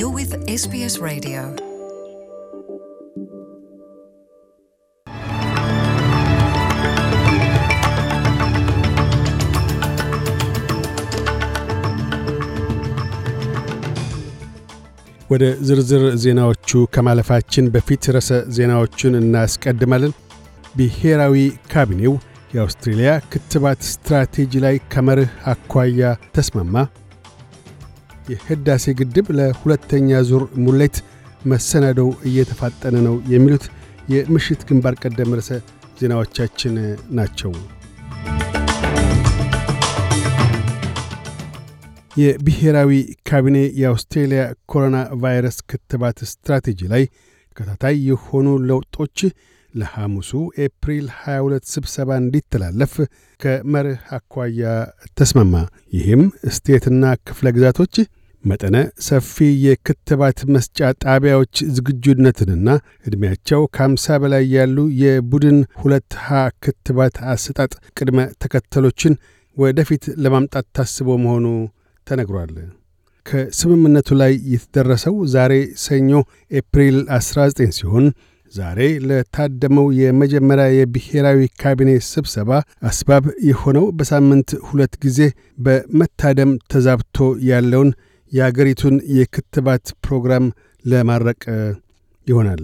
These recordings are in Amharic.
You're with SBS Radio. ወደ ዝርዝር ዜናዎቹ ከማለፋችን በፊት ርዕሰ ዜናዎቹን እናስቀድማለን። ብሔራዊ ካቢኔው የአውስትሬልያ ክትባት ስትራቴጂ ላይ ከመርህ አኳያ ተስማማ። የህዳሴ ግድብ ለሁለተኛ ዙር ሙሌት መሰናደው እየተፋጠነ ነው የሚሉት የምሽት ግንባር ቀደም ርዕሰ ዜናዎቻችን ናቸው። የብሔራዊ ካቢኔ የአውስትሬልያ ኮሮና ቫይረስ ክትባት ስትራቴጂ ላይ ተከታታይ የሆኑ ለውጦች ለሐሙሱ ኤፕሪል 22 ስብሰባ እንዲተላለፍ ከመርህ አኳያ ተስማማ። ይህም ስቴትና ክፍለ ግዛቶች መጠነ ሰፊ የክትባት መስጫ ጣቢያዎች ዝግጁነትንና ዕድሜያቸው ከአምሳ በላይ ያሉ የቡድን ሁለት ሀ ክትባት አሰጣጥ ቅድመ ተከተሎችን ወደፊት ለማምጣት ታስቦ መሆኑ ተነግሯል። ከስምምነቱ ላይ የተደረሰው ዛሬ ሰኞ ኤፕሪል 19 ሲሆን ዛሬ ለታደመው የመጀመሪያ የብሔራዊ ካቢኔ ስብሰባ አስባብ የሆነው በሳምንት ሁለት ጊዜ በመታደም ተዛብቶ ያለውን የአገሪቱን የክትባት ፕሮግራም ለማረቅ ይሆናል።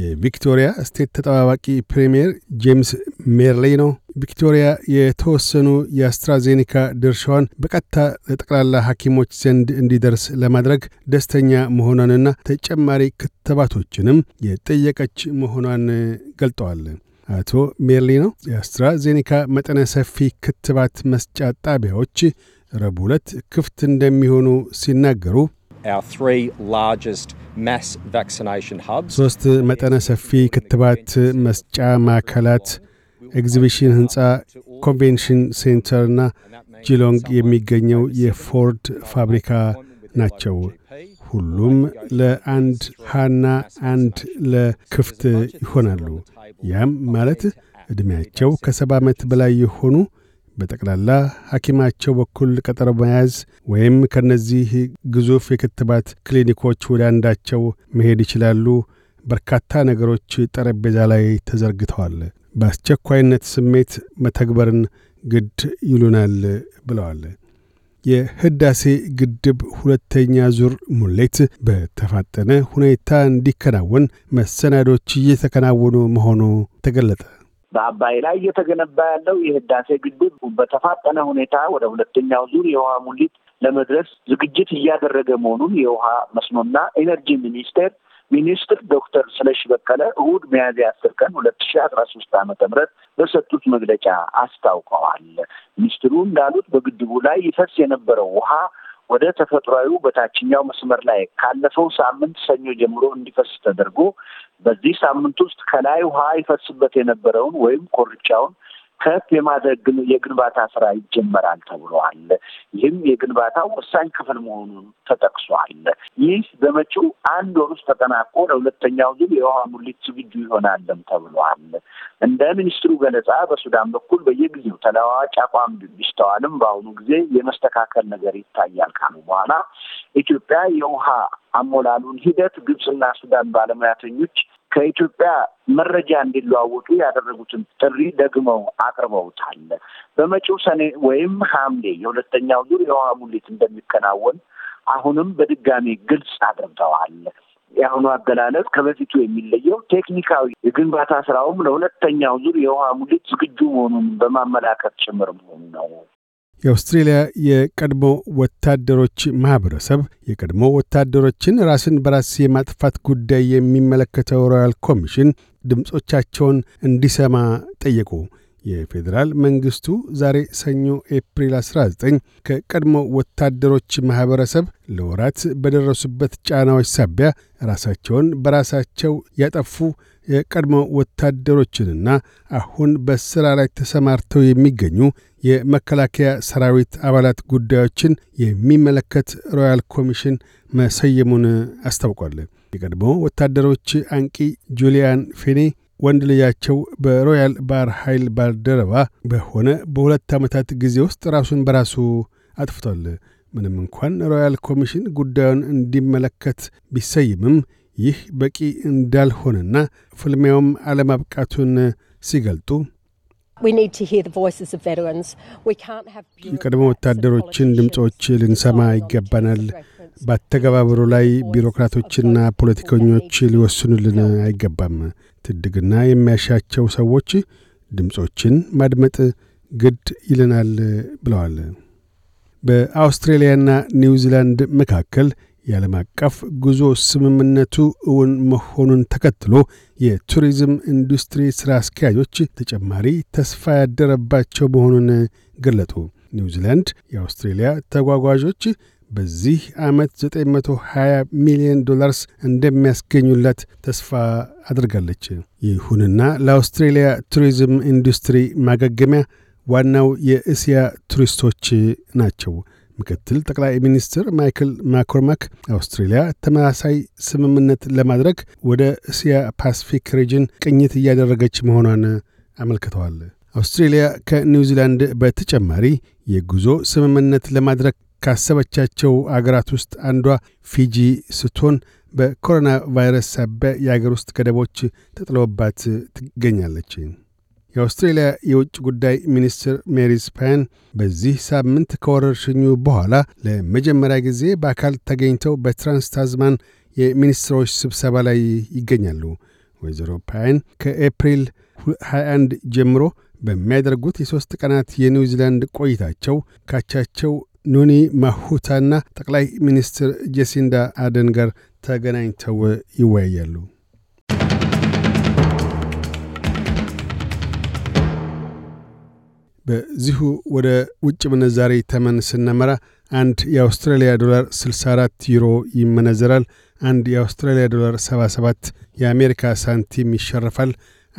የቪክቶሪያ ስቴት ተጠባባቂ ፕሬምየር ጄምስ ሜርሌይ ነው። ቪክቶሪያ የተወሰኑ የአስትራዜኒካ ድርሻዋን በቀጥታ ለጠቅላላ ሐኪሞች ዘንድ እንዲደርስ ለማድረግ ደስተኛ መሆኗንና ተጨማሪ ክትባቶችንም የጠየቀች መሆኗን ገልጠዋል። አቶ ሜርሊ ነው የአስትራዜኒካ መጠነ ሰፊ ክትባት መስጫ ጣቢያዎች ረቡዕ ዕለት ክፍት እንደሚሆኑ ሲናገሩ ሶስት መጠነ ሰፊ ክትባት መስጫ ማዕከላት ኤግዚቢሽን ህንፃ ኮንቬንሽን ሴንተር እና ጂሎንግ የሚገኘው የፎርድ ፋብሪካ ናቸው። ሁሉም ለአንድ ሃና አንድ ለክፍት ይሆናሉ። ያም ማለት ዕድሜያቸው ከሰባ ዓመት በላይ የሆኑ በጠቅላላ ሐኪማቸው በኩል ቀጠሮ መያዝ ወይም ከእነዚህ ግዙፍ የክትባት ክሊኒኮች ወደ አንዳቸው መሄድ ይችላሉ። በርካታ ነገሮች ጠረጴዛ ላይ ተዘርግተዋል። በአስቸኳይነት ስሜት መተግበርን ግድ ይሉናል ብለዋል። የህዳሴ ግድብ ሁለተኛ ዙር ሙሌት በተፋጠነ ሁኔታ እንዲከናወን መሰናዶች እየተከናወኑ መሆኑ ተገለጠ። በአባይ ላይ እየተገነባ ያለው የህዳሴ ግድብ በተፋጠነ ሁኔታ ወደ ሁለተኛው ዙር የውሃ ሙሊት ለመድረስ ዝግጅት እያደረገ መሆኑን የውሃ መስኖና ኢነርጂ ሚኒስቴር ሚኒስትር ዶክተር ስለሺ በቀለ እሁድ ሚያዝያ አስር ቀን ሁለት ሺ አስራ ሶስት ዓመተ ምህረት በሰጡት መግለጫ አስታውቀዋል። ሚኒስትሩ እንዳሉት በግድቡ ላይ ይፈስ የነበረው ውሃ ወደ ተፈጥሯዊ በታችኛው መስመር ላይ ካለፈው ሳምንት ሰኞ ጀምሮ እንዲፈስ ተደርጎ በዚህ ሳምንት ውስጥ ከላይ ውሃ ይፈስበት የነበረውን ወይም ኮርቻውን ከፍ የማድረግ የግንባታ ስራ ይጀመራል ተብሏል። ይህም የግንባታ ወሳኝ ክፍል መሆኑን ተጠቅሷል። ይህ በመጪው አንድ ወር ውስጥ ተጠናቆ ለሁለተኛው ዙር የውሃ ሙሊት ዝግጁ ይሆናልም ተብሏል። እንደ ሚኒስትሩ ገለጻ በሱዳን በኩል በየጊዜው ተለዋዋጭ አቋም ቢስተዋልም በአሁኑ ጊዜ የመስተካከል ነገር ይታያል ካሉ በኋላ ኢትዮጵያ የውሃ አሞላሉን ሂደት ግብፅና ሱዳን ባለሙያተኞች ከኢትዮጵያ መረጃ እንዲለዋወጡ ያደረጉትን ጥሪ ደግመው አቅርበውታል። በመጪው ሰኔ ወይም ሐምሌ የሁለተኛው ዙር የውሃ ሙሌት እንደሚከናወን አሁንም በድጋሚ ግልጽ አድርገዋል። የአሁኑ አገላለጽ ከበፊቱ የሚለየው ቴክኒካዊ የግንባታ ስራውም ለሁለተኛው ዙር የውሃ ሙሌት ዝግጁ መሆኑን በማመላከት ጭምር መሆኑ ነው። የአውስትሬልያ የቀድሞ ወታደሮች ማኅበረሰብ የቀድሞ ወታደሮችን ራስን በራስ የማጥፋት ጉዳይ የሚመለከተው ሮያል ኮሚሽን ድምፆቻቸውን እንዲሰማ ጠየቁ። የፌዴራል መንግሥቱ ዛሬ ሰኞ ኤፕሪል 19 ከቀድሞ ወታደሮች ማኅበረሰብ ለወራት በደረሱበት ጫናዎች ሳቢያ ራሳቸውን በራሳቸው ያጠፉ የቀድሞ ወታደሮችንና አሁን በሥራ ላይ ተሰማርተው የሚገኙ የመከላከያ ሰራዊት አባላት ጉዳዮችን የሚመለከት ሮያል ኮሚሽን መሰየሙን አስታውቋል። የቀድሞ ወታደሮች አንቂ ጁሊያን ፌኔ ወንድ ልጃቸው በሮያል ባህር ኃይል ባልደረባ በሆነ በሁለት ዓመታት ጊዜ ውስጥ ራሱን በራሱ አጥፍቷል። ምንም እንኳን ሮያል ኮሚሽን ጉዳዩን እንዲመለከት ቢሰይምም ይህ በቂ እንዳልሆነና ፍልሚያውም አለማብቃቱን ሲገልጡ የቀድሞ ወታደሮችን ድምፆች ልንሰማ ይገባናል። በአተገባበሩ ላይ ቢሮክራቶችና ፖለቲከኞች ሊወስኑልን አይገባም። ትድግና የሚያሻቸው ሰዎች ድምፆችን ማድመጥ ግድ ይለናል ብለዋል። በአውስትሬልያና ኒውዚላንድ መካከል የዓለም አቀፍ ጉዞ ስምምነቱ እውን መሆኑን ተከትሎ የቱሪዝም ኢንዱስትሪ ሥራ አስኪያጆች ተጨማሪ ተስፋ ያደረባቸው መሆኑን ገለጡ። ኒውዚላንድ የአውስትሬልያ ተጓጓዦች በዚህ ዓመት 920 ሚሊዮን ዶላርስ እንደሚያስገኙላት ተስፋ አድርጋለች። ይሁንና ለአውስትሬልያ ቱሪዝም ኢንዱስትሪ ማገገሚያ ዋናው የእስያ ቱሪስቶች ናቸው። ምክትል ጠቅላይ ሚኒስትር ማይክል ማኮርማክ አውስትሬልያ ተመሳሳይ ስምምነት ለማድረግ ወደ እስያ ፓስፊክ ሪጅን ቅኝት እያደረገች መሆኗን አመልክተዋል። አውስትሬልያ ከኒውዚላንድ በተጨማሪ የጉዞ ስምምነት ለማድረግ ካሰበቻቸው አገራት ውስጥ አንዷ ፊጂ ስትሆን በኮሮና ቫይረስ ሳቢያ የአገር ውስጥ ገደቦች ተጥለውባት ትገኛለች። የአውስትሬልያ የውጭ ጉዳይ ሚኒስትር ሜሪስ ፓን በዚህ ሳምንት ከወረርሽኙ በኋላ ለመጀመሪያ ጊዜ በአካል ተገኝተው በትራንስ ታዝማን የሚኒስትሮች ስብሰባ ላይ ይገኛሉ። ወይዘሮ ፓን ከኤፕሪል 21 ጀምሮ በሚያደርጉት የሦስት ቀናት የኒውዚላንድ ቆይታቸው ካቻቸው ኑኒ ማሁታና ጠቅላይ ሚኒስትር ጄሲንዳ አደን ጋር ተገናኝተው ይወያያሉ። በዚሁ ወደ ውጭ ምንዛሬ ተመን ስናመራ አንድ የአውስትራሊያ ዶላር 64 ዩሮ ይመነዘራል። አንድ የአውስትራሊያ ዶላር 77 የአሜሪካ ሳንቲም ይሸርፋል።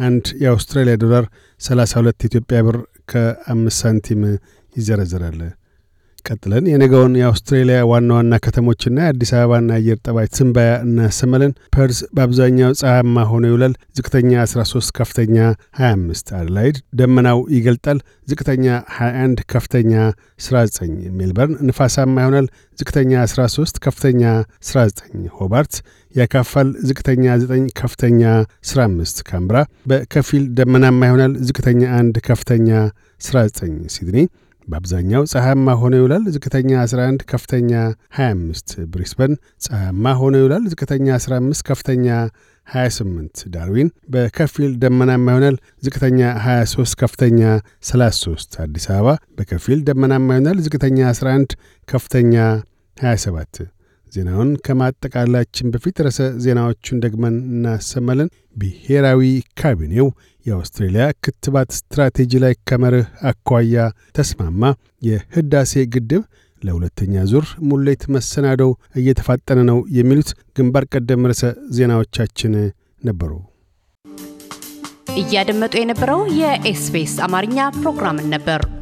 አንድ የአውስትራሊያ ዶላር 32 ኢትዮጵያ ብር ከአምስት ሳንቲም ይዘረዘራል ቀጥለን የነገውን የአውስትሬሊያ ዋና ዋና ከተሞችና የአዲስ አበባና አየር ጠባይ ትንበያ እናሰማለን። ፐርስ በአብዛኛው ፀሐያማ ሆኖ ይውላል። ዝቅተኛ 13፣ ከፍተኛ 25። አደላይድ ደመናው ይገልጣል። ዝቅተኛ 21፣ ከፍተኛ 19። ሜልበርን ንፋሳማ ይሆናል። ዝቅተኛ 13፣ ከፍተኛ 19። ሆባርት ያካፋል። ዝቅተኛ 9፣ ከፍተኛ 15። ካምብራ በከፊል ደመናማ ይሆናል። ዝቅተኛ 1፣ ከፍተኛ 19። ሲድኒ በአብዛኛው ፀሐያማ ሆኖ ይውላል። ዝቅተኛ 11 ከፍተኛ 25። ብሪስበን ፀሐያማ ሆኖ ይውላል። ዝቅተኛ 15 ከፍተኛ 28። ዳርዊን በከፊል ደመናማ ይሆናል። ዝቅተኛ 23 ከፍተኛ 33። አዲስ አበባ በከፊል ደመናማ ይሆናል። ዝቅተኛ 11 ከፍተኛ 27። ዜናውን ከማጠቃላችን በፊት ርዕሰ ዜናዎቹን ደግመን እናሰማለን። ብሔራዊ ካቢኔው የአውስትሬልያ ክትባት ስትራቴጂ ላይ ከመርህ አኳያ ተስማማ። የህዳሴ ግድብ ለሁለተኛ ዙር ሙሌት መሰናዶው እየተፋጠነ ነው የሚሉት ግንባር ቀደም ርዕሰ ዜናዎቻችን ነበሩ። እያደመጡ የነበረው የኤስቢኤስ አማርኛ ፕሮግራምን ነበር።